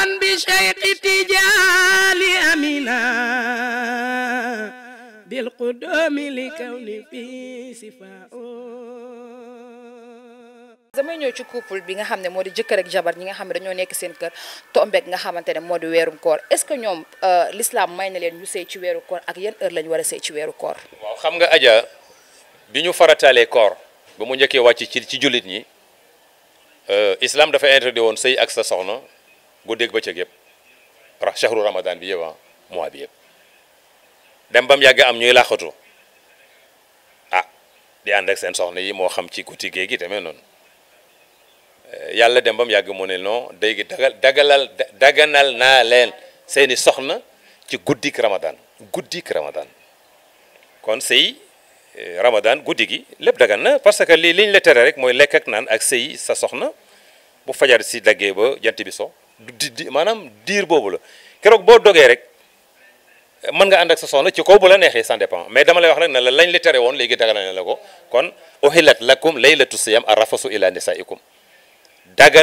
an bi Cheikh Tijaani amina ñëw ci couple bi nga xam ne moo di jëkkër ak jabar ñi nga xam ne dañoo nekk seen kër tombeek nga xamante ne moo di weerum koor est-ce que ñoom euh, l'islam may na leen ñu sëy ci weeru koor ak yan heure lañu war a sëy ci weeru koor waaw xam nga aja bi ñu farataalee koor ba mu njëkkee wàcc ci ci jullit ñi euh, islam dafa interdit woon sëy ak sa soxna guddeeg bëccëg yëpp shahru ramadan bi yëpp ah mois bi yëpp dem ba yàgg am ñuy laaxatu a ah, di ànd ak seen soxna yi moo xam ci guddi géej gi demee noonu eh, yàlla dem ba yàgg mu ne non day gi dagal dagalal daganal naa leen seeni soxna ci guddik ramadan guddik ramadan kon sëy eh, ramadan guddi gi lépp dagan na parce que lii liñ la tere rek mooy lekk ak naan ak sëy sa soxna bu fajar si daggee ba jant bi so di maanaam diir boobu la keroog boo dogee rek mën nga ànd ak sa soxna ci kaw bu la neexee ça dépend mais dama lay wax rek ne la lañ li tere woon léegi dagal na la ko kon uhilat lakum laylatu siyam arrafasu ila nisaikum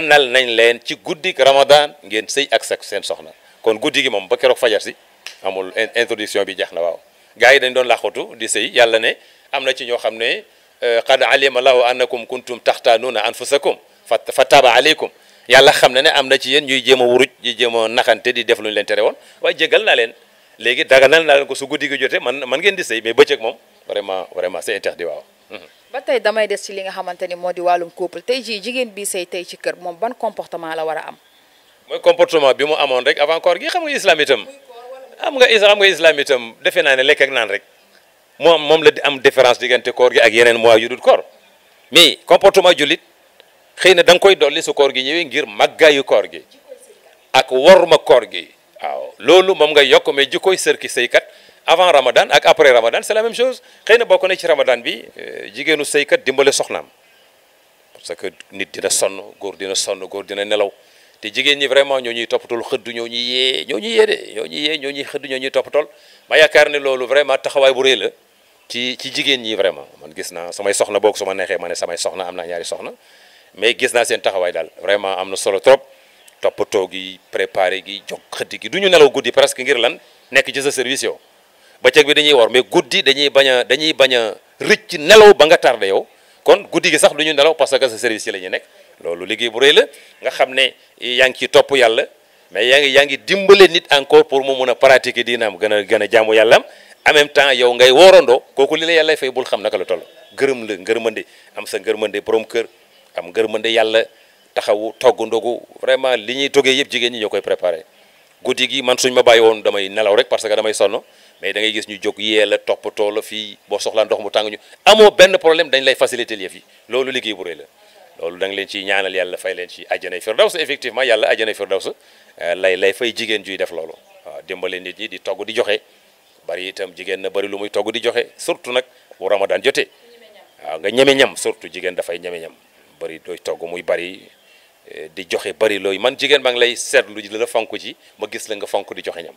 nal nañ leen ci guddik ramadan ngeen sey ak sa seen soxna kon guddi gi moom ba keroog fajar si amul introduction bi jeex na waaw gars yi dañ doon laxatu di sey yàlla ne am na ci ñoo xam ne euh, qad alima lahu annakum kuntum taxtaanuuna anfusakum fa taaba aleykum yàlla xam na ne am na ci yéen ñuy jéem a wuruj ñuy jéem a naxante di def lu ñu leen tere woon waaye jégal na leen léegi daganal na leen ko su guddi gi jotee man man ngeen di sëy mais bëccëg moom vraiment vraiment c'est interdit waaw. Mhm. ba tey damay des ci li nga xamante ni moo di wàllum couple tey jii jigéen bii sëy tey ci kër moom ban comportement la war a am. mooy comportement bi mu amoon rek avant koor gi xam nga islam itam am nga xam nga islam defe naa ne lekk naan rek moom moom la am différence diggante koor gi ak yeneen mois yu dul xëy na da nga koy dolli su koor gi ñëwee ngir màggaayu koor gi ak worma koor gi waaw loolu moom nga yokk ma ji koy sër ki sëykat avant ramadan ak après ramadan c'est la même chose xëy na bokk na ci ramadan bi euh, jigéenu sëykat dimbale soxnaam parce que nit dina sonn góor dina sonn góor dina nelaw te jigéen ñi vraiment ñoo ñuy toppatul xëdd ñoo ñuy yee ñoo ñuy yee yee ñoo ñuy xëdd ñoo ñuy ma yaakaar ne loolu vraiment taxawaay bu rëy la ci ci jigéen ñi vraiment man gis naa samay soxna boog su ma neexee ma ne samay soxna am naa ñaari soxna mais gis naa seen taxawaay daal vraiment am na solo trop toppatoo gi préparé gi jox xëdd gi du ñu nelaw guddi presque ngir lan nekk ci sa service yow bëccëg bi dañuy war mais guddi dañuy bañ a dañuy bañ a rëcc nelaw ba nga tardé yow kon guddi gi sax du ñu nelaw parce que sa service yi la ñu nekk loolu liggéey bu rëy la nga xam ne yaa ngi ciy topp yàlla mais yaa ngi yaa ngi dimbale nit encore pour mu mun a pratiquer diinaam gën a gën a jaamu yàllaam en même temps yow ngay woorandoo kooku li la yàlla fay bul xam naka la toll gërëm la ngërmande am sa ngërmande borom kër am ngërmande yàlla taxawu togg ndogu vraiment li ñuy toggee yëpp jigéen ñi ñoo koy préparé guddi gi man suñ ma bàyyi woon damay nelaw rek parce que damay sonn mais dangay gis ñu jóg yee la toppatoo la fii boo soxlaa ndox mu tàng ñu amoo benn problème dañ lay faciliter yëf yi loolu liggéey bu rëy la loolu da leen ciy ñaanal yàlla fay leen ci àjjanay firdaws effectivement yàlla àjjanay firdaws euh, lay lay fay jigéen juy def loolu waaw dimbale nit ñi di togg di joxe bari itam jigéen na bari lu muy togg di joxe surtout nag bu ramadan jotee nga ñeme surtout jigéen dafay ñeme ñam bëri looy togg muy bëri eh, di joxe bari looy man jigéen ba ngi lay seetlu ji la fonk ji ma gis la nga fonk di joxe ñam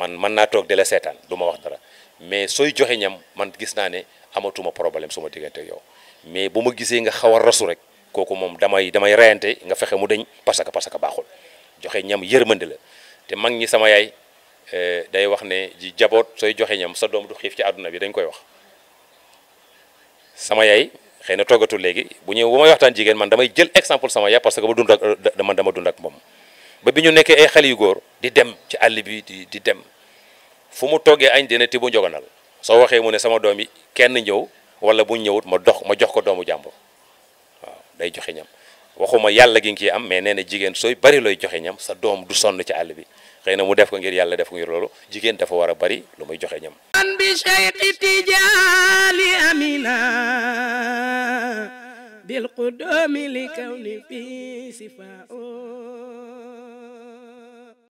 man mën naa toog di la seetaan du ma wax dara mais sooy joxe ñam man gis naa ne amatuma problème suma ma diggante yow mais bu ma gisee nga xaw a rasu rek kooku moom damay damay reyante nga fexe mu deñ parce que parce que baaxul joxe ñam yërmande la te mag ñi sama yaay eh, day wax ne ji jaboot sooy joxe ñam sa doom du xiif ci àdduna bi dañ koy wax sama yaay xëy na toggatul léegi bu ñuy bu may waxtaan jigéen man damay jël exemple sama yaay parce que ba dund ak man dama dund ak moom ba bi ñu nekkee ay xale yu góor di dem ci àll bi di di dem fu mu toggee añ dina tibb njogonal soo waxee mu ne sama doom yi kenn ñëw wala bu ñëwut ma dox ma jox ko doomu jàmbur waaw day joxe ñam waxuma yàlla gi nga am mais nee na jigéen sooy bari looy joxe ñam sa doom du sonn ci àll bi xëy na mu def ko ngir yàlla def ko ngir loolu jigéen dafa war a bari lu muy joxe ñam. القدام لكون في صفاء